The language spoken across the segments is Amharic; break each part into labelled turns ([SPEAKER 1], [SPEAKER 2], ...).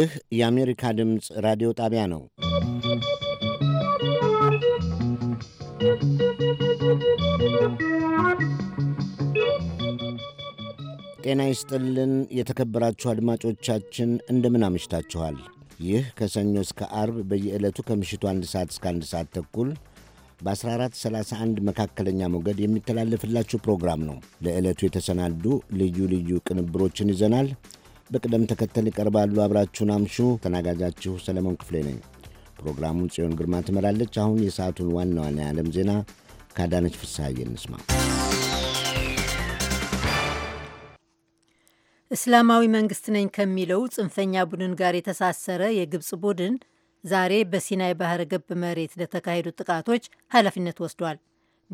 [SPEAKER 1] ይህ የአሜሪካ ድምፅ ራዲዮ ጣቢያ ነው። ጤና ይስጥልን የተከበራችሁ አድማጮቻችን እንደምን አምሽታችኋል? ይህ ከሰኞ እስከ አርብ በየዕለቱ ከምሽቱ አንድ ሰዓት እስከ አንድ ሰዓት ተኩል በ1431 መካከለኛ ሞገድ የሚተላለፍላችሁ ፕሮግራም ነው። ለዕለቱ የተሰናዱ ልዩ ልዩ ቅንብሮችን ይዘናል። በቅደም ተከተል ይቀርባሉ። አብራችሁን አምሹ። ተናጋጃችሁ ሰለሞን ክፍሌ ነኝ። ፕሮግራሙን ጽዮን ግርማ ትመራለች። አሁን የሰዓቱን ዋና ዋና የዓለም ዜና ከአዳነች ፍሳ እንስማ።
[SPEAKER 2] እስላማዊ መንግስት ነኝ ከሚለው ጽንፈኛ ቡድን ጋር የተሳሰረ የግብፅ ቡድን ዛሬ በሲናይ ባህረ ገብ መሬት ለተካሄዱ ጥቃቶች ኃላፊነት ወስዷል።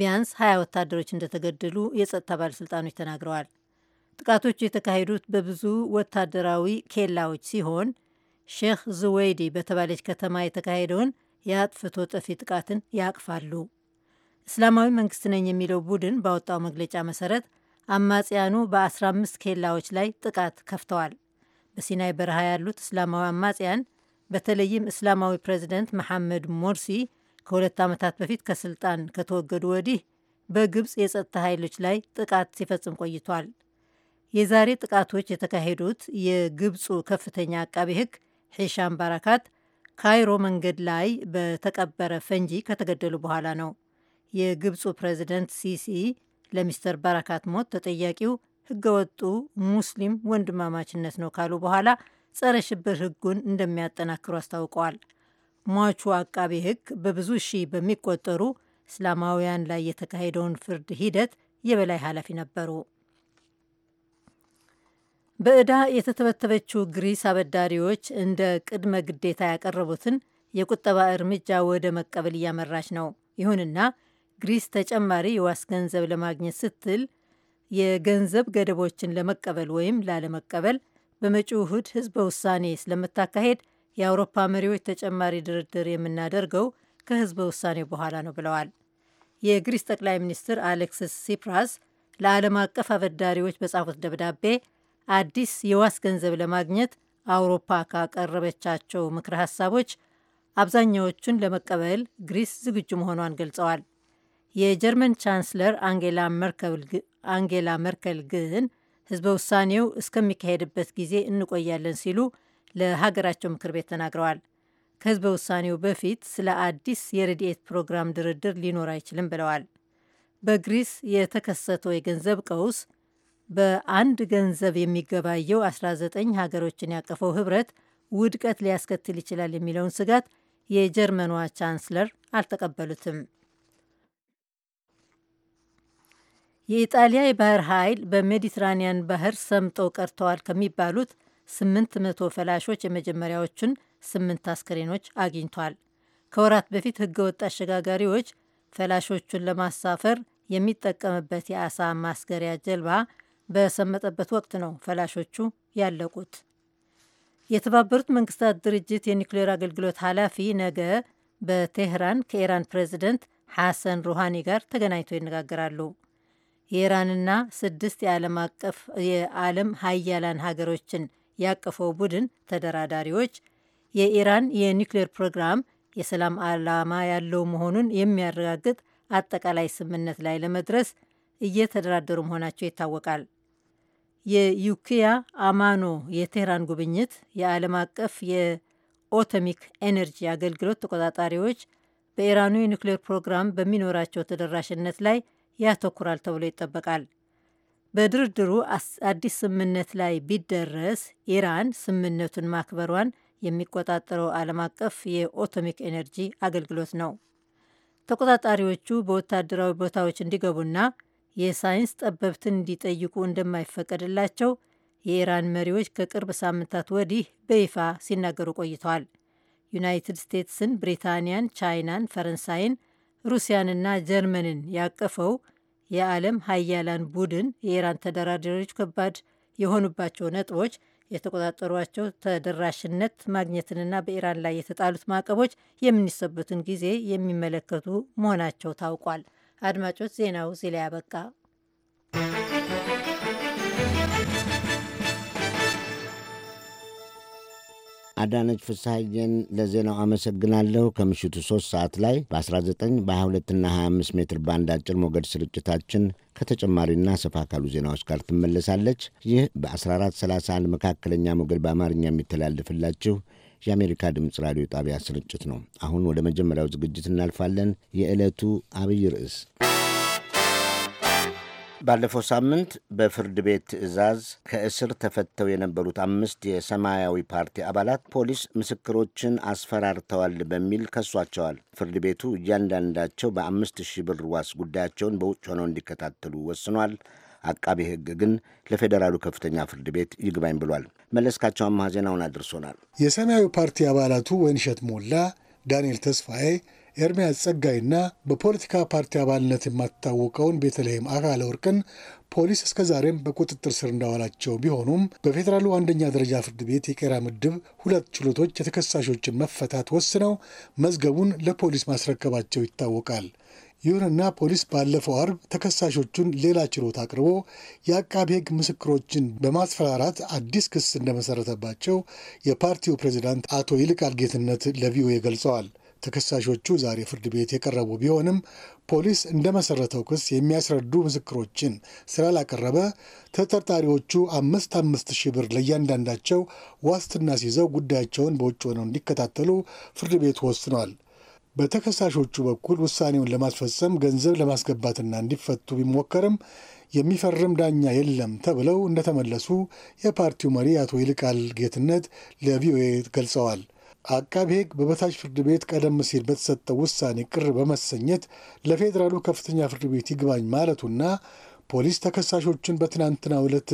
[SPEAKER 2] ቢያንስ ሀያ ወታደሮች እንደተገደሉ የጸጥታ ባለሥልጣኖች ተናግረዋል። ጥቃቶቹ የተካሄዱት በብዙ ወታደራዊ ኬላዎች ሲሆን ሼክ ዝዌይዲ በተባለች ከተማ የተካሄደውን የአጥፍቶ ጠፊ ጥቃትን ያቅፋሉ። እስላማዊ መንግስት ነኝ የሚለው ቡድን ባወጣው መግለጫ መሰረት አማጽያኑ በ15 ኬላዎች ላይ ጥቃት ከፍተዋል። በሲናይ በረሃ ያሉት እስላማዊ አማጽያን በተለይም እስላማዊ ፕሬዚደንት መሐመድ ሞርሲ ከሁለት ዓመታት በፊት ከስልጣን ከተወገዱ ወዲህ በግብፅ የጸጥታ ኃይሎች ላይ ጥቃት ሲፈጽም ቆይቷል። የዛሬ ጥቃቶች የተካሄዱት የግብፁ ከፍተኛ አቃቢ ሕግ ሒሻም ባራካት ካይሮ መንገድ ላይ በተቀበረ ፈንጂ ከተገደሉ በኋላ ነው። የግብፁ ፕሬዚደንት ሲሲ ለሚስተር ባራካት ሞት ተጠያቂው ሕገወጡ ሙስሊም ወንድማማችነት ነው ካሉ በኋላ ጸረ ሽብር ሕጉን እንደሚያጠናክሩ አስታውቀዋል። ሟቹ አቃቢ ሕግ በብዙ ሺህ በሚቆጠሩ እስላማውያን ላይ የተካሄደውን ፍርድ ሂደት የበላይ ኃላፊ ነበሩ። በዕዳ የተተበተበችው ግሪስ አበዳሪዎች እንደ ቅድመ ግዴታ ያቀረቡትን የቁጠባ እርምጃ ወደ መቀበል እያመራች ነው። ይሁንና ግሪስ ተጨማሪ የዋስ ገንዘብ ለማግኘት ስትል የገንዘብ ገደቦችን ለመቀበል ወይም ላለመቀበል በመጪው እሁድ ህዝበ ውሳኔ ስለምታካሄድ የአውሮፓ መሪዎች ተጨማሪ ድርድር የምናደርገው ከህዝበ ውሳኔ በኋላ ነው ብለዋል። የግሪስ ጠቅላይ ሚኒስትር አሌክሲስ ሲፕራስ ለዓለም አቀፍ አበዳሪዎች በጻፉት ደብዳቤ አዲስ የዋስ ገንዘብ ለማግኘት አውሮፓ ካቀረበቻቸው ምክረ ሀሳቦች አብዛኛዎቹን ለመቀበል ግሪስ ዝግጁ መሆኗን ገልጸዋል። የጀርመን ቻንስለር አንጌላ መርከል ግን ህዝበ ውሳኔው እስከሚካሄድበት ጊዜ እንቆያለን ሲሉ ለሀገራቸው ምክር ቤት ተናግረዋል። ከህዝበ ውሳኔው በፊት ስለ አዲስ የረድኤት ፕሮግራም ድርድር ሊኖር አይችልም ብለዋል። በግሪስ የተከሰተው የገንዘብ ቀውስ በአንድ ገንዘብ የሚገባየው 19 ሀገሮችን ያቀፈው ህብረት ውድቀት ሊያስከትል ይችላል የሚለውን ስጋት የጀርመኗ ቻንስለር አልተቀበሉትም። የኢጣሊያ የባህር ኃይል በሜዲትራኒያን ባህር ሰምጠው ቀርተዋል ከሚባሉት 800 ፈላሾች የመጀመሪያዎቹን ስምንት አስከሬኖች አግኝቷል። ከወራት በፊት ህገወጥ አሸጋጋሪዎች ፈላሾቹን ለማሳፈር የሚጠቀምበት የአሳ ማስገሪያ ጀልባ በሰመጠበት ወቅት ነው ፈላሾቹ ያለቁት። የተባበሩት መንግስታት ድርጅት የኒውክሌር አገልግሎት ኃላፊ ነገ በቴህራን ከኢራን ፕሬዚደንት ሐሰን ሩሃኒ ጋር ተገናኝተው ይነጋገራሉ። የኢራንና ስድስት የዓለም አቀፍ የዓለም ሀያላን ሀገሮችን ያቀፈው ቡድን ተደራዳሪዎች የኢራን የኒውክሌር ፕሮግራም የሰላም ዓላማ ያለው መሆኑን የሚያረጋግጥ አጠቃላይ ስምምነት ላይ ለመድረስ እየተደራደሩ መሆናቸው ይታወቃል። የዩኪያ አማኖ የቴህራን ጉብኝት የዓለም አቀፍ የኦቶሚክ ኤነርጂ አገልግሎት ተቆጣጣሪዎች በኢራኑ የኒክሌር ፕሮግራም በሚኖራቸው ተደራሽነት ላይ ያተኩራል ተብሎ ይጠበቃል። በድርድሩ አዲስ ስምምነት ላይ ቢደረስ ኢራን ስምምነቱን ማክበሯን የሚቆጣጠረው ዓለም አቀፍ የኦቶሚክ ኤነርጂ አገልግሎት ነው። ተቆጣጣሪዎቹ በወታደራዊ ቦታዎች እንዲገቡና የሳይንስ ጠበብትን እንዲጠይቁ እንደማይፈቀድላቸው የኢራን መሪዎች ከቅርብ ሳምንታት ወዲህ በይፋ ሲናገሩ ቆይተዋል። ዩናይትድ ስቴትስን፣ ብሪታንያን፣ ቻይናን፣ ፈረንሳይን፣ ሩሲያንና ጀርመንን ያቀፈው የዓለም ሀያላን ቡድን የኢራን ተደራዳሪዎች ከባድ የሆኑባቸው ነጥቦች የተቆጣጠሯቸው ተደራሽነት ማግኘትንና በኢራን ላይ የተጣሉት ማዕቀቦች የምንሰበትን ጊዜ የሚመለከቱ መሆናቸው ታውቋል። አድማጮች፣ ዜናው እዚህ ላይ ያበቃ።
[SPEAKER 1] አዳነች ፍስሐዬን ለዜናው አመሰግናለሁ። ከምሽቱ 3 ሰዓት ላይ በ19 በ22ና 25 ሜትር ባንድ አጭር ሞገድ ስርጭታችን ከተጨማሪና ሰፋ ካሉ ዜናዎች ጋር ትመለሳለች። ይህ በ1431 መካከለኛ ሞገድ በአማርኛ የሚተላልፍላችሁ የአሜሪካ ድምፅ ራዲዮ ጣቢያ ስርጭት ነው። አሁን ወደ መጀመሪያው ዝግጅት እናልፋለን። የዕለቱ አብይ ርዕስ ባለፈው ሳምንት በፍርድ ቤት ትዕዛዝ ከእስር ተፈተው የነበሩት አምስት የሰማያዊ ፓርቲ አባላት ፖሊስ ምስክሮችን አስፈራርተዋል በሚል ከሷቸዋል። ፍርድ ቤቱ እያንዳንዳቸው በአምስት ሺህ ብር ዋስ ጉዳያቸውን በውጭ ሆነው እንዲከታተሉ ወስኗል። አቃቤ ሕግ ግን ለፌዴራሉ ከፍተኛ ፍርድ ቤት ይግባኝ ብሏል። መለስካቸው አማሃ ዜናውን አድርሶናል።
[SPEAKER 3] የሰማያዊ ፓርቲ አባላቱ ወይንሸት ሞላ፣ ዳንኤል ተስፋዬ፣ ኤርሚያስ ጸጋይና በፖለቲካ ፓርቲ አባልነት የማትታወቀውን ቤተልሔም አካለ ወርቅን ፖሊስ እስከዛሬም በቁጥጥር ስር እንዳዋላቸው ቢሆኑም በፌዴራሉ አንደኛ ደረጃ ፍርድ ቤት የቄራ ምድብ ሁለት ችሎቶች የተከሳሾችን መፈታት ወስነው መዝገቡን ለፖሊስ ማስረከባቸው ይታወቃል። ይሁንና ፖሊስ ባለፈው አርብ ተከሳሾቹን ሌላ ችሎት አቅርቦ የአቃቢ ሕግ ምስክሮችን በማስፈራራት አዲስ ክስ እንደመሰረተባቸው የፓርቲው ፕሬዚዳንት አቶ ይልቃል ጌትነት ለቪኦኤ ገልጸዋል። ተከሳሾቹ ዛሬ ፍርድ ቤት የቀረቡ ቢሆንም ፖሊስ እንደመሰረተው ክስ የሚያስረዱ ምስክሮችን ስላላቀረበ ተጠርጣሪዎቹ አምስት አምስት ሺህ ብር ለእያንዳንዳቸው ዋስትና ሲይዘው ጉዳያቸውን በውጭ ሆነው እንዲከታተሉ ፍርድ ቤቱ ወስኗል። በተከሳሾቹ በኩል ውሳኔውን ለማስፈጸም ገንዘብ ለማስገባትና እንዲፈቱ ቢሞከርም የሚፈርም ዳኛ የለም ተብለው እንደተመለሱ የፓርቲው መሪ አቶ ይልቃል ጌትነት ለቪኦኤ ገልጸዋል። አቃቢ ሕግ በበታች ፍርድ ቤት ቀደም ሲል በተሰጠው ውሳኔ ቅር በመሰኘት ለፌዴራሉ ከፍተኛ ፍርድ ቤት ይግባኝ ማለቱና ፖሊስ ተከሳሾችን በትናንትናው ዕለት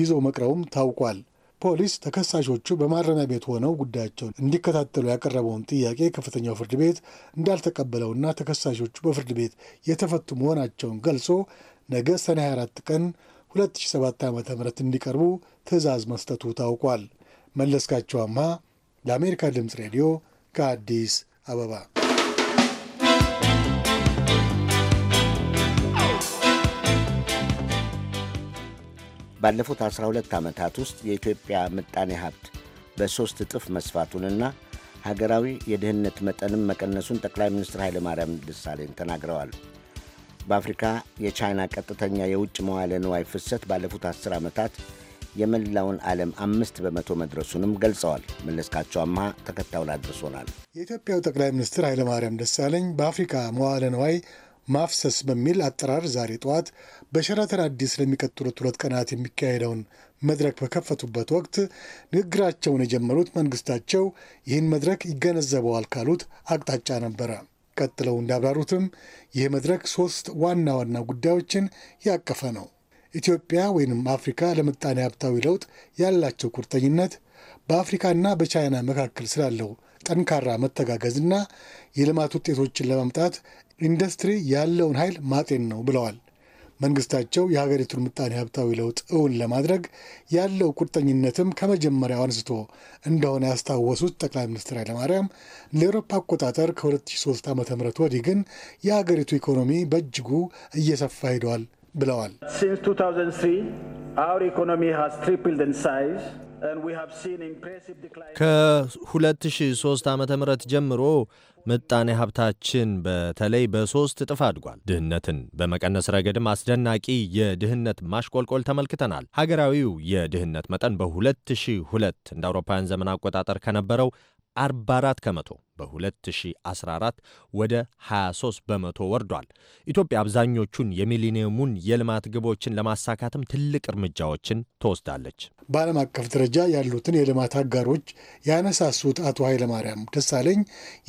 [SPEAKER 3] ይዞ መቅረቡም ታውቋል። ፖሊስ ተከሳሾቹ በማረሚያ ቤት ሆነው ጉዳያቸውን እንዲከታተሉ ያቀረበውን ጥያቄ ከፍተኛው ፍርድ ቤት እንዳልተቀበለውና ተከሳሾቹ በፍርድ ቤት የተፈቱ መሆናቸውን ገልጾ ነገ ሰኔ 24 ቀን 2007 ዓ ም እንዲቀርቡ ትዕዛዝ መስጠቱ ታውቋል። መለስካቸው አምሃ ለአሜሪካ ድምፅ ሬዲዮ ከአዲስ አበባ
[SPEAKER 1] ባለፉት 12 ዓመታት ውስጥ የኢትዮጵያ ምጣኔ ሀብት በሦስት እጥፍ መስፋቱንና ሀገራዊ የድህነት መጠንም መቀነሱን ጠቅላይ ሚኒስትር ኃይለማርያም ደሳለኝ ተናግረዋል። በአፍሪካ የቻይና ቀጥተኛ የውጭ መዋለ ንዋይ ፍሰት ባለፉት 10 ዓመታት የመላውን ዓለም አምስት በመቶ መድረሱንም ገልጸዋል። መለስካቸው አምሃ ተከታዩን አድርሶናል።
[SPEAKER 3] የኢትዮጵያው ጠቅላይ ሚኒስትር ኃይለማርያም ደሳለኝ በአፍሪካ መዋለ ንዋይ ማፍሰስ በሚል አጠራር ዛሬ ጠዋት በሸራተን አዲስ ለሚቀጥሉት ሁለት ቀናት የሚካሄደውን መድረክ በከፈቱበት ወቅት ንግግራቸውን የጀመሩት መንግስታቸው ይህን መድረክ ይገነዘበዋል ካሉት አቅጣጫ ነበረ። ቀጥለው እንዳብራሩትም ይህ መድረክ ሶስት ዋና ዋና ጉዳዮችን ያቀፈ ነው። ኢትዮጵያ ወይንም አፍሪካ ለምጣኔ ሀብታዊ ለውጥ ያላቸው ቁርጠኝነት፣ በአፍሪካና በቻይና መካከል ስላለው ጠንካራ መተጋገዝና የልማት ውጤቶችን ለማምጣት ኢንዱስትሪ ያለውን ኃይል ማጤን ነው ብለዋል። መንግስታቸው የሀገሪቱን ምጣኔ ሀብታዊ ለውጥ እውን ለማድረግ ያለው ቁርጠኝነትም ከመጀመሪያው አንስቶ እንደሆነ ያስታወሱት ጠቅላይ ሚኒስትር ኃይለማርያም ለአውሮፓ አቆጣጠር ከ2003 ዓ ም ወዲህ ግን የሀገሪቱ ኢኮኖሚ በእጅጉ እየሰፋ ሄደዋል ብለዋል።
[SPEAKER 4] ከ2003 ዓ ም ጀምሮ ምጣኔ ሀብታችን በተለይ በሦስት እጥፍ አድጓል። ድህነትን በመቀነስ ረገድም አስደናቂ የድህነት ማሽቆልቆል ተመልክተናል። ሀገራዊው የድህነት መጠን በ2002 እንደ አውሮፓውያን ዘመን አቆጣጠር ከነበረው 44 ከመቶ በ2014 ወደ 23 በመቶ ወርዷል። ኢትዮጵያ አብዛኞቹን የሚሊኒየሙን የልማት ግቦችን ለማሳካትም ትልቅ እርምጃዎችን ትወስዳለች።
[SPEAKER 3] በዓለም አቀፍ ደረጃ ያሉትን የልማት አጋሮች ያነሳሱት አቶ ኃይለማርያም ደሳለኝ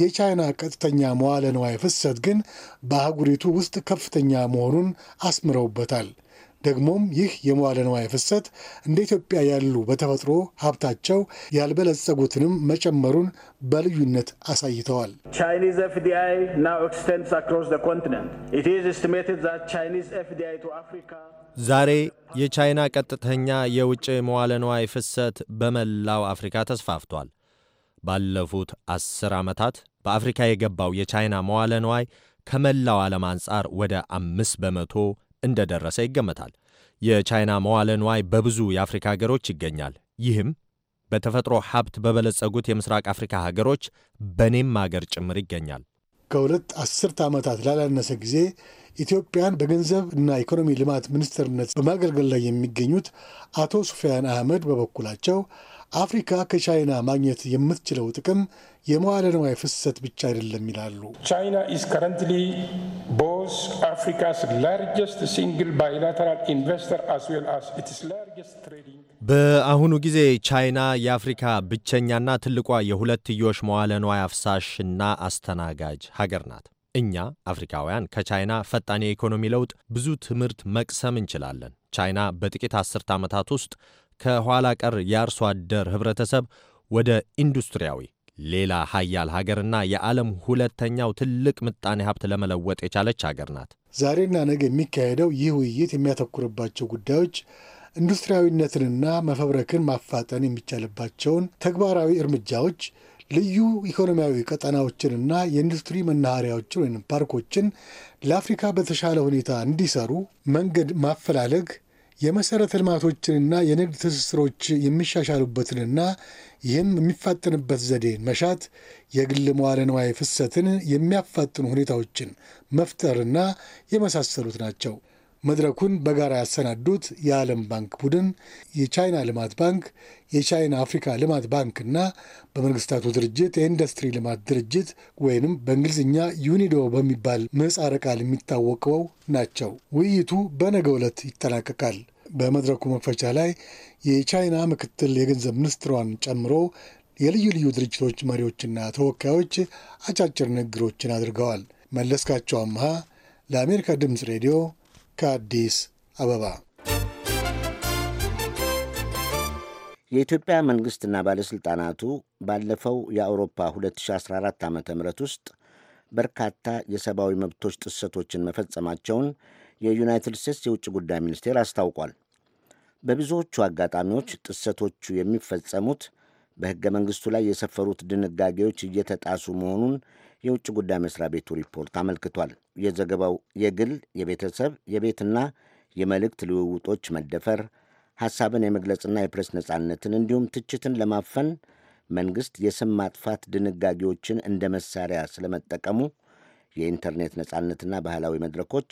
[SPEAKER 3] የቻይና ቀጥተኛ መዋለ ንዋይ ፍሰት ግን በአህጉሪቱ ውስጥ ከፍተኛ መሆኑን አስምረውበታል። ደግሞም ይህ የመዋለ ንዋይ ፍሰት እንደ ኢትዮጵያ ያሉ በተፈጥሮ ሀብታቸው ያልበለጸጉትንም መጨመሩን በልዩነት አሳይተዋል።
[SPEAKER 4] ዛሬ የቻይና ቀጥተኛ የውጭ መዋለ ንዋይ ፍሰት በመላው አፍሪካ ተስፋፍቷል። ባለፉት አስር ዓመታት በአፍሪካ የገባው የቻይና መዋለ ንዋይ ከመላው ዓለም አንጻር ወደ አምስት በመቶ እንደደረሰ ይገመታል። የቻይና መዋለ ንዋይ በብዙ የአፍሪካ ሀገሮች ይገኛል። ይህም በተፈጥሮ ሀብት በበለጸጉት የምስራቅ አፍሪካ ሀገሮች በኔም ሀገር ጭምር ይገኛል። ከሁለት
[SPEAKER 3] አስርተ ዓመታት ላላነሰ ጊዜ ኢትዮጵያን በገንዘብ እና ኢኮኖሚ ልማት ሚኒስትርነት በማገልገል ላይ የሚገኙት አቶ ሱፊያን አህመድ በበኩላቸው አፍሪካ ከቻይና ማግኘት የምትችለው ጥቅም የመዋለ ንዋይ ፍሰት ብቻ አይደለም ይላሉ። ቻይና ኢዝ ከረንትሊ
[SPEAKER 4] በአሁኑ ጊዜ ቻይና የአፍሪካ ብቸኛና ትልቋ የሁለትዮሽ መዋለ ንዋይ አፍሳሽና አስተናጋጅ ሀገር ናት። እኛ አፍሪካውያን ከቻይና ፈጣን የኢኮኖሚ ለውጥ ብዙ ትምህርት መቅሰም እንችላለን። ቻይና በጥቂት አስርት ዓመታት ውስጥ ከኋላ ቀር የአርሶ አደር ህብረተሰብ ወደ ኢንዱስትሪያዊ ሌላ ሀያል ሀገርና የዓለም ሁለተኛው ትልቅ ምጣኔ ሀብት ለመለወጥ የቻለች ሀገር ናት።
[SPEAKER 3] ዛሬና ነገ የሚካሄደው ይህ ውይይት የሚያተኩርባቸው ጉዳዮች ኢንዱስትሪያዊነትንና መፈብረክን ማፋጠን የሚቻልባቸውን ተግባራዊ እርምጃዎች፣ ልዩ ኢኮኖሚያዊ ቀጠናዎችንና የኢንዱስትሪ መናኸሪያዎችን ወይም ፓርኮችን ለአፍሪካ በተሻለ ሁኔታ እንዲሰሩ መንገድ ማፈላለግ የመሠረተ ልማቶችንና የንግድ ትስስሮች የሚሻሻሉበትንና ይህም የሚፋጠንበት ዘዴን መሻት የግል መዋለ ንዋይ ፍሰትን የሚያፋጥኑ ሁኔታዎችን መፍጠርና የመሳሰሉት ናቸው። መድረኩን በጋራ ያሰናዱት የዓለም ባንክ ቡድን፣ የቻይና ልማት ባንክ፣ የቻይና አፍሪካ ልማት ባንክና በመንግስታቱ ድርጅት የኢንዱስትሪ ልማት ድርጅት ወይንም በእንግሊዝኛ ዩኒዶ በሚባል ምህጻረ ቃል የሚታወቀው ናቸው። ውይይቱ በነገ ዕለት ይጠናቀቃል። በመድረኩ መክፈቻ ላይ የቻይና ምክትል የገንዘብ ሚኒስትሯን ጨምሮ የልዩ ልዩ ድርጅቶች መሪዎችና ተወካዮች አጫጭር ንግግሮችን አድርገዋል። መለስካቸው አምሃ ለአሜሪካ ድምፅ ሬዲዮ ከአዲስ አበባ።
[SPEAKER 1] የኢትዮጵያ መንግሥትና ባለሥልጣናቱ ባለፈው የአውሮፓ 2014 ዓ ም ውስጥ በርካታ የሰብአዊ መብቶች ጥሰቶችን መፈጸማቸውን የዩናይትድ ስቴትስ የውጭ ጉዳይ ሚኒስቴር አስታውቋል። በብዙዎቹ አጋጣሚዎች ጥሰቶቹ የሚፈጸሙት በሕገ መንግሥቱ ላይ የሰፈሩት ድንጋጌዎች እየተጣሱ መሆኑን የውጭ ጉዳይ መስሪያ ቤቱ ሪፖርት አመልክቷል። የዘገባው የግል የቤተሰብ የቤትና የመልእክት ልውውጦች መደፈር፣ ሐሳብን የመግለጽና የፕሬስ ነጻነትን እንዲሁም ትችትን ለማፈን መንግሥት የስም ማጥፋት ድንጋጌዎችን እንደ መሳሪያ ስለመጠቀሙ፣ የኢንተርኔት ነጻነትና ባህላዊ መድረኮች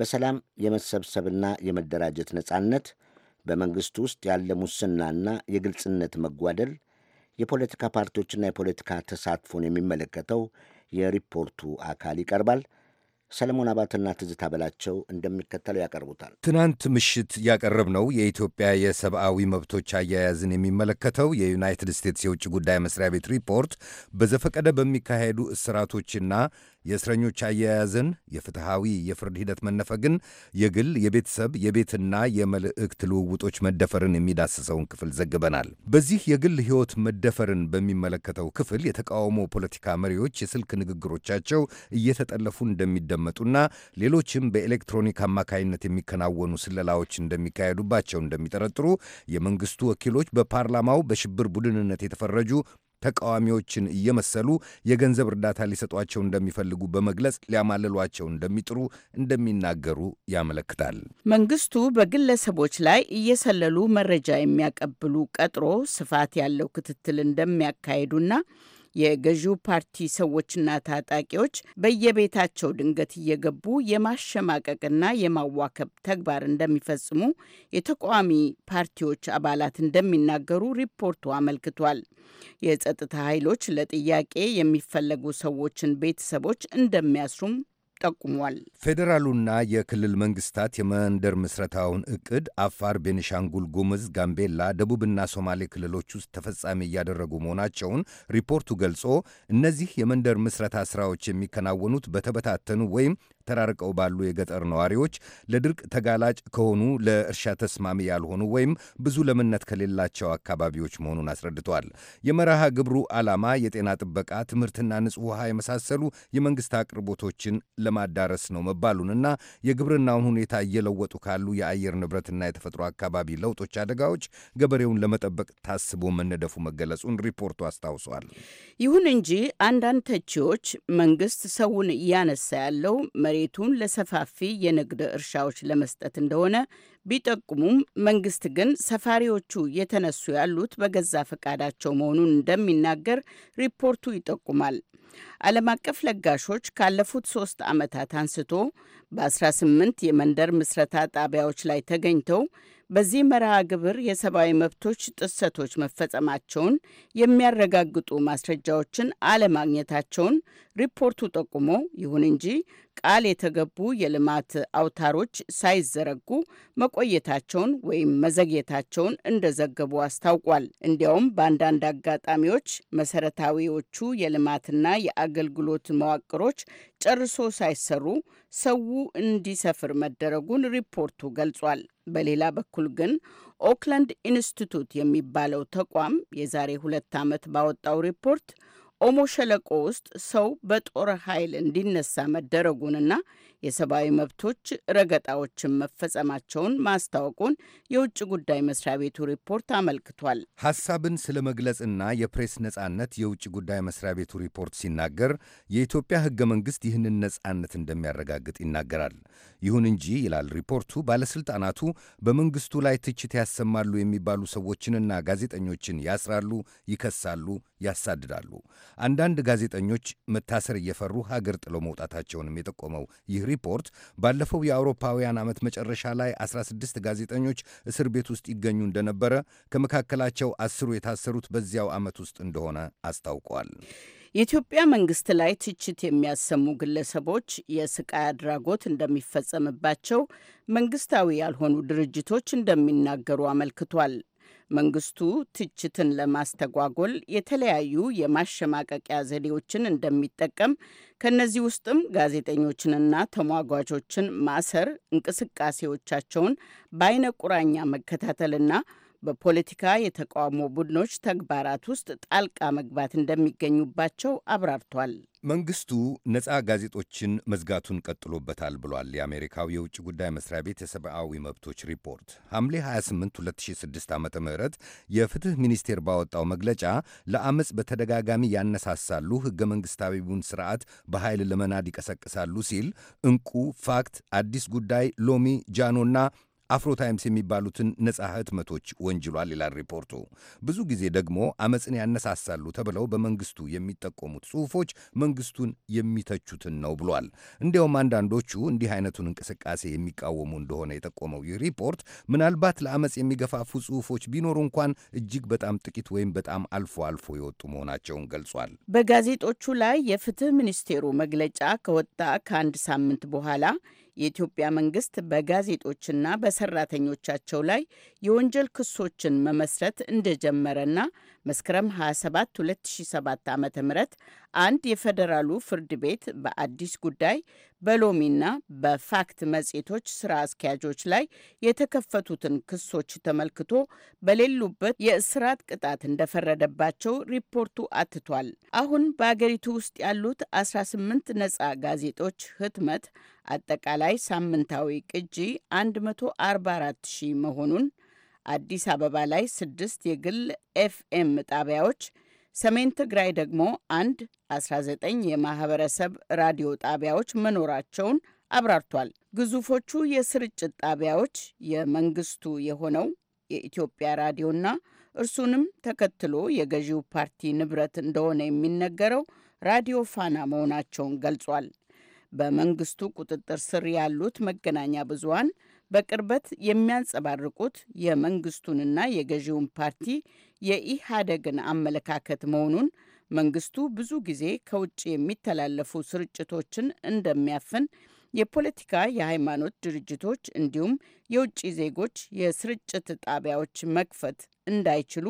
[SPEAKER 1] በሰላም የመሰብሰብና የመደራጀት ነጻነት፣ በመንግሥት ውስጥ ያለ ሙስናና የግልጽነት መጓደል፣ የፖለቲካ ፓርቲዎችና የፖለቲካ ተሳትፎን የሚመለከተው የሪፖርቱ አካል ይቀርባል። ሰለሞን አባትና ትዝታ በላቸው እንደሚከተለው ያቀርቡታል።
[SPEAKER 5] ትናንት ምሽት ያቀረብነው የኢትዮጵያ የሰብአዊ መብቶች አያያዝን የሚመለከተው የዩናይትድ ስቴትስ የውጭ ጉዳይ መስሪያ ቤት ሪፖርት በዘፈቀደ በሚካሄዱ እስራቶችና የእስረኞች አያያዝን፣ የፍትሐዊ የፍርድ ሂደት መነፈግን፣ የግል የቤተሰብ የቤትና የመልእክት ልውውጦች መደፈርን የሚዳስሰውን ክፍል ዘግበናል። በዚህ የግል ሕይወት መደፈርን በሚመለከተው ክፍል የተቃውሞ ፖለቲካ መሪዎች የስልክ ንግግሮቻቸው እየተጠለፉ እንደሚደመጡና ሌሎችም በኤሌክትሮኒክ አማካይነት የሚከናወኑ ስለላዎች እንደሚካሄዱባቸው እንደሚጠረጥሩ የመንግስቱ ወኪሎች በፓርላማው በሽብር ቡድንነት የተፈረጁ ተቃዋሚዎችን እየመሰሉ የገንዘብ እርዳታ ሊሰጧቸው እንደሚፈልጉ በመግለጽ ሊያማልሏቸው እንደሚጥሩ እንደሚናገሩ ያመለክታል።
[SPEAKER 6] መንግስቱ በግለሰቦች ላይ እየሰለሉ መረጃ የሚያቀብሉ ቀጥሮ ስፋት ያለው ክትትል እንደሚያካሂዱና የገዢው ፓርቲ ሰዎችና ታጣቂዎች በየቤታቸው ድንገት እየገቡ የማሸማቀቅና የማዋከብ ተግባር እንደሚፈጽሙ የተቃዋሚ ፓርቲዎች አባላት እንደሚናገሩ ሪፖርቱ አመልክቷል። የጸጥታ ኃይሎች ለጥያቄ የሚፈለጉ ሰዎችን ቤተሰቦች እንደሚያስሩም ጠቁሟል።
[SPEAKER 5] ፌዴራሉና የክልል መንግስታት የመንደር ምስረታውን እቅድ አፋር፣ ቤኒሻንጉል ጉምዝ፣ ጋምቤላ፣ ደቡብና ሶማሌ ክልሎች ውስጥ ተፈጻሚ እያደረጉ መሆናቸውን ሪፖርቱ ገልጾ እነዚህ የመንደር ምስረታ ስራዎች የሚከናወኑት በተበታተኑ ወይም ተራርቀው ባሉ የገጠር ነዋሪዎች ለድርቅ ተጋላጭ ከሆኑ ለእርሻ ተስማሚ ያልሆኑ ወይም ብዙ ለምነት ከሌላቸው አካባቢዎች መሆኑን አስረድቷል። የመርሃ ግብሩ ዓላማ የጤና ጥበቃ፣ ትምህርትና ንጹሕ ውሃ የመሳሰሉ የመንግሥት አቅርቦቶችን ለማዳረስ ነው መባሉንና የግብርናውን ሁኔታ እየለወጡ ካሉ የአየር ንብረትና የተፈጥሮ አካባቢ ለውጦች አደጋዎች ገበሬውን ለመጠበቅ ታስቦ መነደፉ መገለጹን ሪፖርቱ አስታውሷል።
[SPEAKER 6] ይሁን እንጂ አንዳንድ ተቺዎች መንግስት ሰውን እያነሳ ያለው መሬቱን ለሰፋፊ የንግድ እርሻዎች ለመስጠት እንደሆነ ቢጠቁሙም መንግስት ግን ሰፋሪዎቹ የተነሱ ያሉት በገዛ ፈቃዳቸው መሆኑን እንደሚናገር ሪፖርቱ ይጠቁማል። ዓለም አቀፍ ለጋሾች ካለፉት ሶስት ዓመታት አንስቶ በ18 የመንደር ምስረታ ጣቢያዎች ላይ ተገኝተው በዚህ መርሃ ግብር የሰብአዊ መብቶች ጥሰቶች መፈጸማቸውን የሚያረጋግጡ ማስረጃዎችን አለማግኘታቸውን ሪፖርቱ ጠቁሞ፣ ይሁን እንጂ ቃል የተገቡ የልማት አውታሮች ሳይዘረጉ መቆየታቸውን ወይም መዘግየታቸውን እንደዘገቡ አስታውቋል። እንዲያውም በአንዳንድ አጋጣሚዎች መሰረታዊዎቹ የልማትና የአገልግሎት መዋቅሮች ጨርሶ ሳይሰሩ ሰው እንዲሰፍር መደረጉን ሪፖርቱ ገልጿል። በሌላ በኩል ግን ኦክላንድ ኢንስቲቱት የሚባለው ተቋም የዛሬ ሁለት ዓመት ባወጣው ሪፖርት ኦሞ ሸለቆ ውስጥ ሰው በጦር ኃይል እንዲነሳ መደረጉንና የሰብአዊ መብቶች ረገጣዎችን መፈጸማቸውን ማስታወቁን የውጭ ጉዳይ መስሪያ ቤቱ ሪፖርት አመልክቷል።
[SPEAKER 5] ሐሳብን ስለ መግለጽና የፕሬስ ነጻነት የውጭ ጉዳይ መስሪያ ቤቱ ሪፖርት ሲናገር የኢትዮጵያ ሕገ መንግሥት ይህንን ነጻነት እንደሚያረጋግጥ ይናገራል። ይሁን እንጂ ይላል ሪፖርቱ፣ ባለሥልጣናቱ በመንግሥቱ ላይ ትችት ያሰማሉ የሚባሉ ሰዎችንና ጋዜጠኞችን ያስራሉ፣ ይከሳሉ፣ ያሳድዳሉ። አንዳንድ ጋዜጠኞች መታሰር እየፈሩ ሀገር ጥለው መውጣታቸውንም የጠቆመው ይህ ሪፖርት ባለፈው የአውሮፓውያን ዓመት መጨረሻ ላይ 16 ጋዜጠኞች እስር ቤት ውስጥ ይገኙ እንደነበረ፣ ከመካከላቸው አስሩ የታሰሩት በዚያው ዓመት ውስጥ እንደሆነ አስታውቋል።
[SPEAKER 6] የኢትዮጵያ መንግስት ላይ ትችት የሚያሰሙ ግለሰቦች የስቃይ አድራጎት እንደሚፈጸምባቸው መንግስታዊ ያልሆኑ ድርጅቶች እንደሚናገሩ አመልክቷል። መንግስቱ ትችትን ለማስተጓጎል የተለያዩ የማሸማቀቂያ ዘዴዎችን እንደሚጠቀም ከነዚህ ውስጥም ጋዜጠኞችንና ተሟጓቾችን ማሰር፣ እንቅስቃሴዎቻቸውን በአይነ ቁራኛ መከታተልና በፖለቲካ የተቃውሞ ቡድኖች ተግባራት ውስጥ ጣልቃ መግባት እንደሚገኙባቸው አብራርቷል።
[SPEAKER 5] መንግስቱ ነጻ ጋዜጦችን መዝጋቱን ቀጥሎበታል ብሏል። የአሜሪካው የውጭ ጉዳይ መስሪያ ቤት የሰብአዊ መብቶች ሪፖርት ሐምሌ 28 2006 ዓ ም የፍትህ ሚኒስቴር ባወጣው መግለጫ ለአመፅ በተደጋጋሚ ያነሳሳሉ፣ ህገ መንግሥታዊውን ስርዓት በኃይል ለመናድ ይቀሰቅሳሉ ሲል እንቁ፣ ፋክት፣ አዲስ ጉዳይ፣ ሎሚ፣ ጃኖና አፍሮ ታይምስ የሚባሉትን ነጻ ህትመቶች ወንጅሏል ይላል ሪፖርቱ። ብዙ ጊዜ ደግሞ አመፅን ያነሳሳሉ ተብለው በመንግስቱ የሚጠቆሙት ጽሑፎች መንግስቱን የሚተቹትን ነው ብሏል። እንዲያውም አንዳንዶቹ እንዲህ አይነቱን እንቅስቃሴ የሚቃወሙ እንደሆነ የጠቆመው ይህ ሪፖርት ምናልባት ለአመፅ የሚገፋፉ ጽሑፎች ቢኖሩ እንኳን እጅግ በጣም ጥቂት ወይም በጣም አልፎ አልፎ የወጡ መሆናቸውን ገልጿል።
[SPEAKER 6] በጋዜጦቹ ላይ የፍትህ ሚኒስቴሩ መግለጫ ከወጣ ከአንድ ሳምንት በኋላ የኢትዮጵያ መንግስት በጋዜጦችና በሰራተኞቻቸው ላይ የወንጀል ክሶችን መመስረት እንደጀመረና መስከረም 27 2007 ዓ ም አንድ የፌዴራሉ ፍርድ ቤት በአዲስ ጉዳይ በሎሚና በፋክት መጽሔቶች ስራ አስኪያጆች ላይ የተከፈቱትን ክሶች ተመልክቶ በሌሉበት የእስራት ቅጣት እንደፈረደባቸው ሪፖርቱ አትቷል። አሁን በአገሪቱ ውስጥ ያሉት 18 ነጻ ጋዜጦች ህትመት አጠቃላይ ሳምንታዊ ቅጂ 144 ሺህ መሆኑን አዲስ አበባ ላይ ስድስት የግል ኤፍኤም ጣቢያዎች፣ ሰሜን ትግራይ ደግሞ አንድ 19 የማህበረሰብ ራዲዮ ጣቢያዎች መኖራቸውን አብራርቷል። ግዙፎቹ የስርጭት ጣቢያዎች የመንግስቱ የሆነው የኢትዮጵያ ራዲዮና እርሱንም ተከትሎ የገዢው ፓርቲ ንብረት እንደሆነ የሚነገረው ራዲዮ ፋና መሆናቸውን ገልጿል። በመንግስቱ ቁጥጥር ስር ያሉት መገናኛ ብዙሃን በቅርበት የሚያንጸባርቁት የመንግስቱንና የገዢውን ፓርቲ የኢህአደግን አመለካከት መሆኑን መንግስቱ ብዙ ጊዜ ከውጭ የሚተላለፉ ስርጭቶችን እንደሚያፍን የፖለቲካ የሃይማኖት ድርጅቶች እንዲሁም የውጭ ዜጎች የስርጭት ጣቢያዎች መክፈት እንዳይችሉ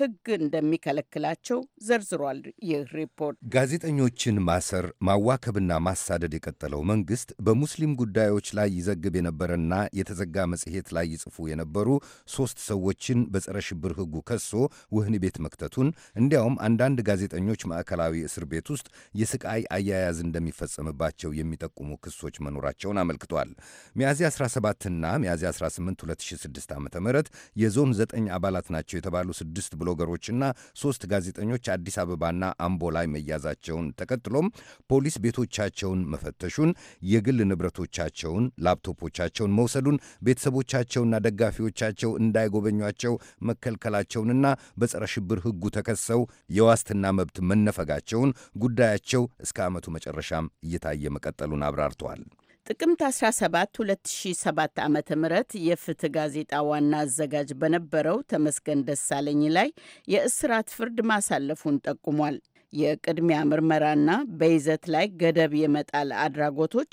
[SPEAKER 6] ሕግ እንደሚከለክላቸው ዘርዝሯል። ይህ ሪፖርት
[SPEAKER 5] ጋዜጠኞችን ማሰር፣ ማዋከብና ማሳደድ የቀጠለው መንግሥት በሙስሊም ጉዳዮች ላይ ይዘግብ የነበረና የተዘጋ መጽሔት ላይ ይጽፉ የነበሩ ሦስት ሰዎችን በጸረ ሽብር ሕጉ ከሶ ውህን ቤት መክተቱን እንዲያውም አንዳንድ ጋዜጠኞች ማዕከላዊ እስር ቤት ውስጥ የስቃይ አያያዝ እንደሚፈጸምባቸው የሚጠቁሙ ክሶች መኖራቸውን አመልክቷል። ሚያዝያ 17ና ሚያዝያ 18 2006 ዓ ም የዞን 9 አባላት ናቸው የተባሉ ስድስት ብሎገሮችና ሶስት ጋዜጠኞች አዲስ አበባና አምቦ ላይ መያዛቸውን ተከትሎም ፖሊስ ቤቶቻቸውን መፈተሹን፣ የግል ንብረቶቻቸውን፣ ላፕቶፖቻቸውን መውሰዱን፣ ቤተሰቦቻቸውና ደጋፊዎቻቸው እንዳይጎበኟቸው መከልከላቸውንና በጸረ ሽብር ሕጉ ተከሰው የዋስትና መብት መነፈጋቸውን ጉዳያቸው እስከ ዓመቱ መጨረሻም እየታየ መቀጠሉን አብራርተዋል።
[SPEAKER 6] ጥቅምት 17 2007 ዓ ም የፍትህ ጋዜጣ ዋና አዘጋጅ በነበረው ተመስገን ደሳለኝ ላይ የእስራት ፍርድ ማሳለፉን ጠቁሟል። የቅድሚያ ምርመራና በይዘት ላይ ገደብ የመጣል አድራጎቶች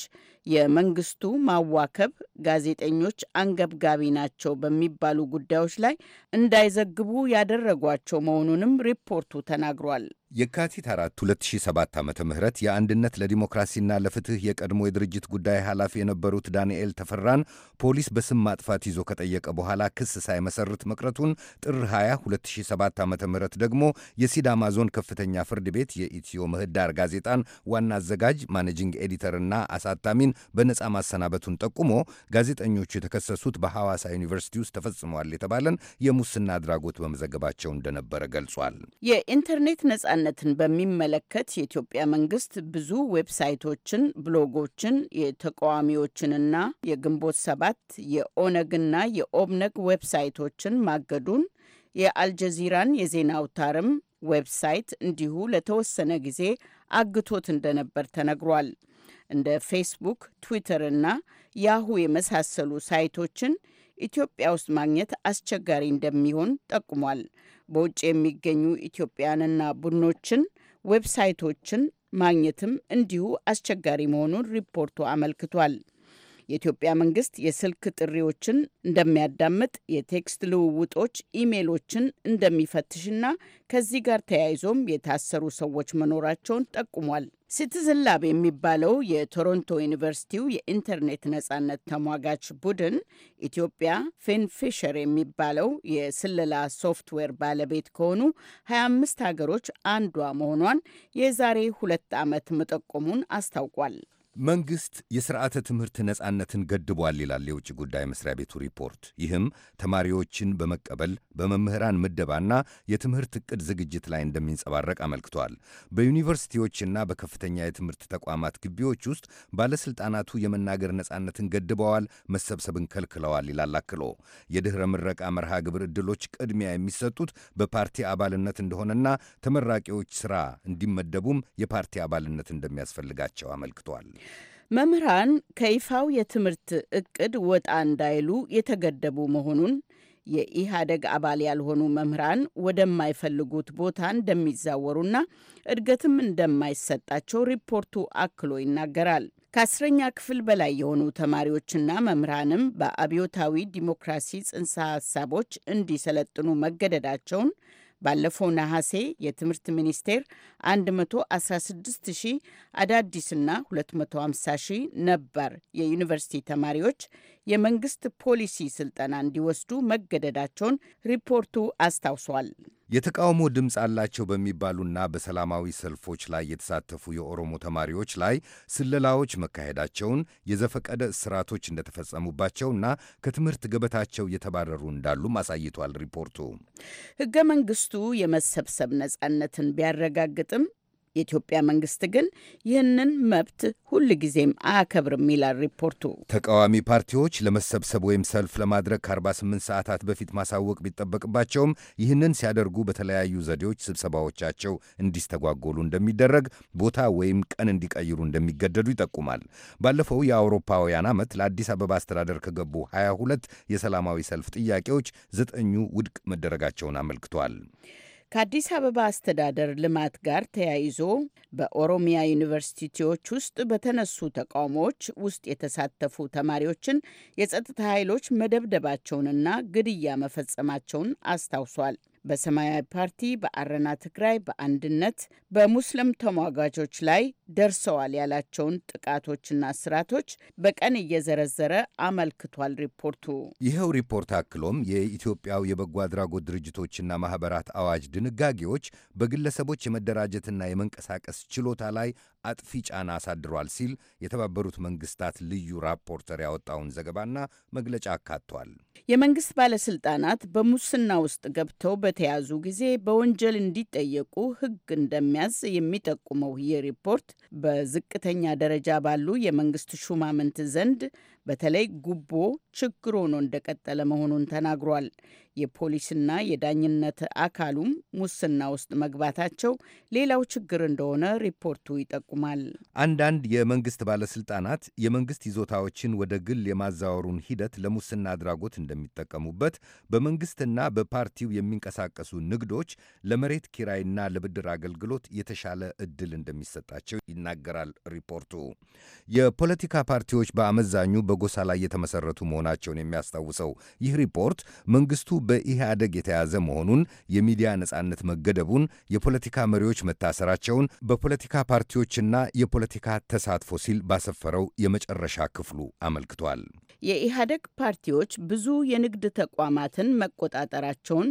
[SPEAKER 6] የመንግስቱ ማዋከብ ጋዜጠኞች አንገብጋቢ ናቸው በሚባሉ ጉዳዮች ላይ እንዳይዘግቡ ያደረጓቸው መሆኑንም ሪፖርቱ ተናግሯል።
[SPEAKER 5] የካቲት 4 2007 ዓ ም የአንድነት ለዲሞክራሲና ለፍትህ የቀድሞ የድርጅት ጉዳይ ኃላፊ የነበሩት ዳንኤል ተፈራን ፖሊስ በስም ማጥፋት ይዞ ከጠየቀ በኋላ ክስ ሳይመሰርት መቅረቱን፣ ጥር 20 2007 ዓ ም ደግሞ የሲዳማ ዞን ከፍተኛ ፍርድ ቤት የኢትዮ ምህዳር ጋዜጣን ዋና አዘጋጅ ማኔጂንግ ኤዲተርና አሳታሚን በነፃ ማሰናበቱን ጠቁሞ ጋዜጠኞቹ የተከሰሱት በሐዋሳ ዩኒቨርሲቲ ውስጥ ተፈጽመዋል የተባለን የሙስና አድራጎት በመዘገባቸው እንደነበረ ገልጿል።
[SPEAKER 6] የኢንተርኔት ነፃነትን በሚመለከት የኢትዮጵያ መንግስት ብዙ ዌብሳይቶችን፣ ብሎጎችን፣ የተቃዋሚዎችንና የግንቦት ሰባት የኦነግና የኦብነግ ዌብሳይቶችን ማገዱን የአልጀዚራን የዜና አውታርም ዌብሳይት እንዲሁ ለተወሰነ ጊዜ አግቶት እንደነበር ተነግሯል። እንደ ፌስቡክ፣ ትዊተር እና ያሁ የመሳሰሉ ሳይቶችን ኢትዮጵያ ውስጥ ማግኘት አስቸጋሪ እንደሚሆን ጠቁሟል። በውጭ የሚገኙ ኢትዮጵያንና ቡድኖችን ዌብሳይቶችን ማግኘትም እንዲሁ አስቸጋሪ መሆኑን ሪፖርቱ አመልክቷል። የኢትዮጵያ መንግስት የስልክ ጥሪዎችን እንደሚያዳምጥ፣ የቴክስት ልውውጦች፣ ኢሜሎችን እንደሚፈትሽና ከዚህ ጋር ተያይዞም የታሰሩ ሰዎች መኖራቸውን ጠቁሟል። ሲቲዝን ላብ የሚባለው የቶሮንቶ ዩኒቨርሲቲው የኢንተርኔት ነጻነት ተሟጋች ቡድን ኢትዮጵያ ፌንፊሸር የሚባለው የስለላ ሶፍትዌር ባለቤት ከሆኑ 25 ሀገሮች አንዷ መሆኗን የዛሬ ሁለት ዓመት መጠቆሙን አስታውቋል።
[SPEAKER 5] መንግሥት የሥርዓተ ትምህርት ነጻነትን ገድቧል ይላል የውጭ ጉዳይ መስሪያ ቤቱ ሪፖርት። ይህም ተማሪዎችን በመቀበል በመምህራን ምደባና የትምህርት ዕቅድ ዝግጅት ላይ እንደሚንጸባረቅ አመልክቷል። በዩኒቨርሲቲዎችና በከፍተኛ የትምህርት ተቋማት ግቢዎች ውስጥ ባለሥልጣናቱ የመናገር ነጻነትን ገድበዋል፣ መሰብሰብን ከልክለዋል ይላል አክሎ። የድኅረ ምረቃ መርሃ ግብር ዕድሎች ቅድሚያ የሚሰጡት በፓርቲ አባልነት እንደሆነና ተመራቂዎች ሥራ እንዲመደቡም የፓርቲ አባልነት እንደሚያስፈልጋቸው አመልክቷል።
[SPEAKER 6] መምህራን ከይፋው የትምህርት እቅድ ወጣ እንዳይሉ የተገደቡ መሆኑን የኢህአደግ አባል ያልሆኑ መምህራን ወደማይፈልጉት ቦታ እንደሚዛወሩና እድገትም እንደማይሰጣቸው ሪፖርቱ አክሎ ይናገራል። ከአስረኛ ክፍል በላይ የሆኑ ተማሪዎችና መምህራንም በአብዮታዊ ዲሞክራሲ ጽንሰ ሀሳቦች እንዲሰለጥኑ መገደዳቸውን ባለፈው ነሐሴ የትምህርት ሚኒስቴር 116 ሺህ አዳዲስና 250 ሺህ ነባር የዩኒቨርሲቲ ተማሪዎች የመንግስት ፖሊሲ ስልጠና እንዲወስዱ መገደዳቸውን ሪፖርቱ አስታውሷል።
[SPEAKER 5] የተቃውሞ ድምፅ አላቸው በሚባሉና በሰላማዊ ሰልፎች ላይ የተሳተፉ የኦሮሞ ተማሪዎች ላይ ስለላዎች መካሄዳቸውን፣ የዘፈቀደ እስራቶች እንደተፈጸሙባቸውና ከትምህርት ገበታቸው የተባረሩ እንዳሉም አሳይቷል ሪፖርቱ።
[SPEAKER 6] ሕገ መንግስቱ የመሰብሰብ ነጻነትን ቢያረጋግጥም የኢትዮጵያ መንግስት ግን ይህንን መብት ጊዜም አያከብርም ይላል ሪፖርቱ።
[SPEAKER 5] ተቃዋሚ ፓርቲዎች ለመሰብሰብ ወይም ሰልፍ ለማድረግ ከ48 ሰዓታት በፊት ማሳወቅ ቢጠበቅባቸውም ይህንን ሲያደርጉ በተለያዩ ዘዴዎች ስብሰባዎቻቸው እንዲስተጓጎሉ እንደሚደረግ፣ ቦታ ወይም ቀን እንዲቀይሩ እንደሚገደዱ ይጠቁማል። ባለፈው የአውሮፓውያን ዓመት ለአዲስ አበባ አስተዳደር ከገቡ 22 የሰላማዊ ሰልፍ ጥያቄዎች ዘጠኙ ውድቅ መደረጋቸውን አመልክቷል።
[SPEAKER 6] ከአዲስ አበባ አስተዳደር ልማት ጋር ተያይዞ በኦሮሚያ ዩኒቨርሲቲዎች ውስጥ በተነሱ ተቃውሞዎች ውስጥ የተሳተፉ ተማሪዎችን የጸጥታ ኃይሎች መደብደባቸውንና ግድያ መፈጸማቸውን አስታውሷል። በሰማያዊ ፓርቲ፣ በአረና ትግራይ፣ በአንድነት በሙስሊም ተሟጋቾች ላይ ደርሰዋል ያላቸውን ጥቃቶችና ስራቶች በቀን እየዘረዘረ አመልክቷል ሪፖርቱ።
[SPEAKER 5] ይኸው ሪፖርት አክሎም የኢትዮጵያው የበጎ አድራጎት ድርጅቶችና ማህበራት አዋጅ ድንጋጌዎች በግለሰቦች የመደራጀትና የመንቀሳቀስ ችሎታ ላይ አጥፊ ጫና አሳድሯል ሲል የተባበሩት መንግስታት ልዩ ራፖርተር ያወጣውን ዘገባና መግለጫ አካቷል።
[SPEAKER 6] የመንግስት ባለስልጣናት በሙስና ውስጥ ገብተው በተያዙ ጊዜ በወንጀል እንዲጠየቁ ሕግ እንደሚያዝ የሚጠቁመው ይህ ሪፖርት በዝቅተኛ ደረጃ ባሉ የመንግስት ሹማምንት ዘንድ በተለይ ጉቦ ችግር ሆኖ እንደቀጠለ መሆኑን ተናግሯል። የፖሊስና የዳኝነት አካሉም ሙስና ውስጥ መግባታቸው ሌላው ችግር እንደሆነ ሪፖርቱ ይጠቁማል።
[SPEAKER 5] አንዳንድ የመንግስት ባለስልጣናት የመንግስት ይዞታዎችን ወደ ግል የማዛወሩን ሂደት ለሙስና አድራጎት እንደሚጠቀሙበት፣ በመንግስትና በፓርቲው የሚንቀሳቀሱ ንግዶች ለመሬት ኪራይና ለብድር አገልግሎት የተሻለ እድል እንደሚሰጣቸው ይናገራል ሪፖርቱ። የፖለቲካ ፓርቲዎች በአመዛኙ በጎሳ ላይ የተመሰረቱ መሆናቸውን የሚያስታውሰው ይህ ሪፖርት መንግስቱ በኢህአደግ የተያዘ መሆኑን፣ የሚዲያ ነጻነት መገደቡን፣ የፖለቲካ መሪዎች መታሰራቸውን በፖለቲካ ፓርቲዎችና የፖለቲካ ተሳትፎ ሲል ባሰፈረው የመጨረሻ ክፍሉ አመልክቷል።
[SPEAKER 6] የኢህአደግ ፓርቲዎች ብዙ የንግድ ተቋማትን መቆጣጠራቸውን፣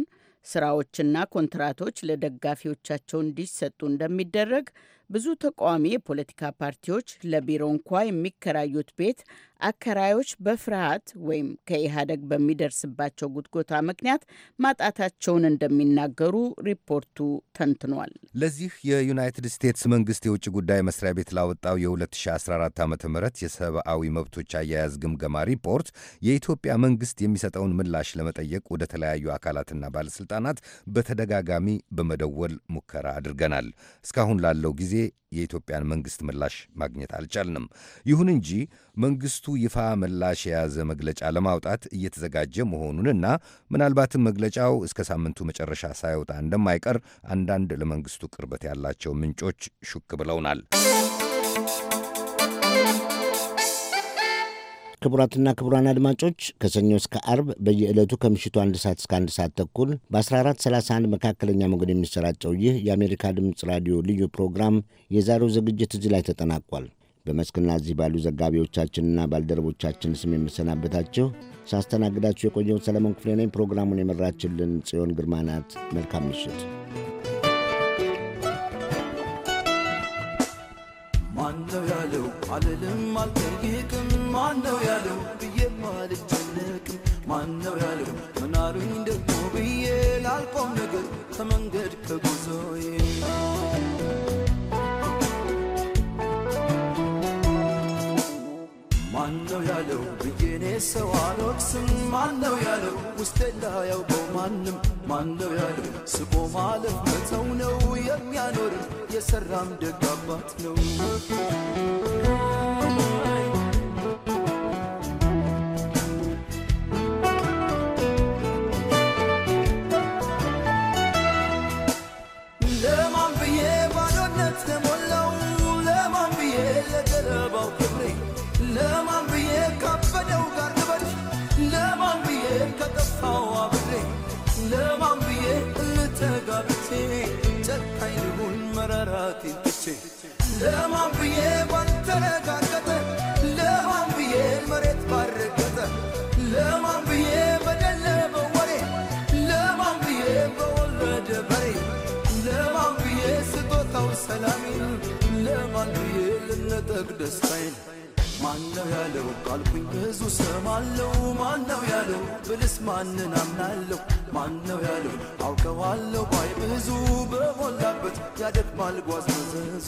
[SPEAKER 6] ስራዎችና ኮንትራቶች ለደጋፊዎቻቸው እንዲሰጡ እንደሚደረግ ብዙ ተቃዋሚ የፖለቲካ ፓርቲዎች ለቢሮ እንኳ የሚከራዩት ቤት አከራዮች በፍርሃት ወይም ከኢህአደግ በሚደርስባቸው ጉትጎታ ምክንያት ማጣታቸውን እንደሚናገሩ ሪፖርቱ ተንትኗል።
[SPEAKER 5] ለዚህ የዩናይትድ ስቴትስ መንግስት የውጭ ጉዳይ መስሪያ ቤት ላወጣው የ2014 ዓ ም የሰብአዊ መብቶች አያያዝ ግምገማ ሪፖርት የኢትዮጵያ መንግስት የሚሰጠውን ምላሽ ለመጠየቅ ወደ ተለያዩ አካላትና ባለሥልጣናት በተደጋጋሚ በመደወል ሙከራ አድርገናል። እስካሁን ላለው ጊዜ ጊዜ የኢትዮጵያን መንግሥት ምላሽ ማግኘት አልቻልንም። ይሁን እንጂ መንግሥቱ ይፋ ምላሽ የያዘ መግለጫ ለማውጣት እየተዘጋጀ መሆኑንና ምናልባትም መግለጫው እስከ ሳምንቱ መጨረሻ ሳይወጣ እንደማይቀር አንዳንድ ለመንግሥቱ
[SPEAKER 1] ቅርበት ያላቸው ምንጮች ሹክ ብለውናል። ክቡራትና ክቡራን አድማጮች ከሰኞ እስከ አርብ በየዕለቱ ከምሽቱ አንድ ሰዓት እስከ አንድ ሰዓት ተኩል በ1431 መካከለኛ ሞገድ የሚሰራጨው ይህ የአሜሪካ ድምፅ ራዲዮ ልዩ ፕሮግራም የዛሬው ዝግጅት እዚህ ላይ ተጠናቋል። በመስክና እዚህ ባሉ ዘጋቢዎቻችንና ባልደረቦቻችን ስም የምሰናበታችሁ ሳስተናግዳችሁ የቆየው ሰለሞን ክፍሌ ነኝ። ፕሮግራሙን የመራችልን ጽዮን ግርማ ናት። መልካም ምሽት።
[SPEAKER 7] ማነው ያለው አልልም አልጠይቅም ማን ነው ያለው ብዬማ አልጨነቅም ማነው ያለው ምናሉኝ ደግሞ ብዬ ላልቆም ነገር ከመንገድ ከጉዞዬ ማነው ያለው ብዬኔ ሰው አልወቅስም ማነው ያለው ውስጤ እንዳያውቀው ማንም ማነው ያለው ስቆ ማለፍ መተው ነው የሚያኖርም የሰራም ደግ አባት ነው ጨካኝ ልሁን ለማን ብዬ ባልተረጋገጠ ለማን መሬት ባረገጠ ለማን ብዬ በደለ በወለደ በሬ ለማን ብዬ ስጦታው ሰላሜን ለማን ብዬ ልነጠቅ ደስታዬን ማነው ያለው ቃልኩኝ ብዙ ሰማለው ማነው ያለው ብልስ ማንን አምናለሁ ማነው ያለው አውቀዋለሁ ባይ ብዙ በሞላበት ያደክማል ጓዝ መዘዙ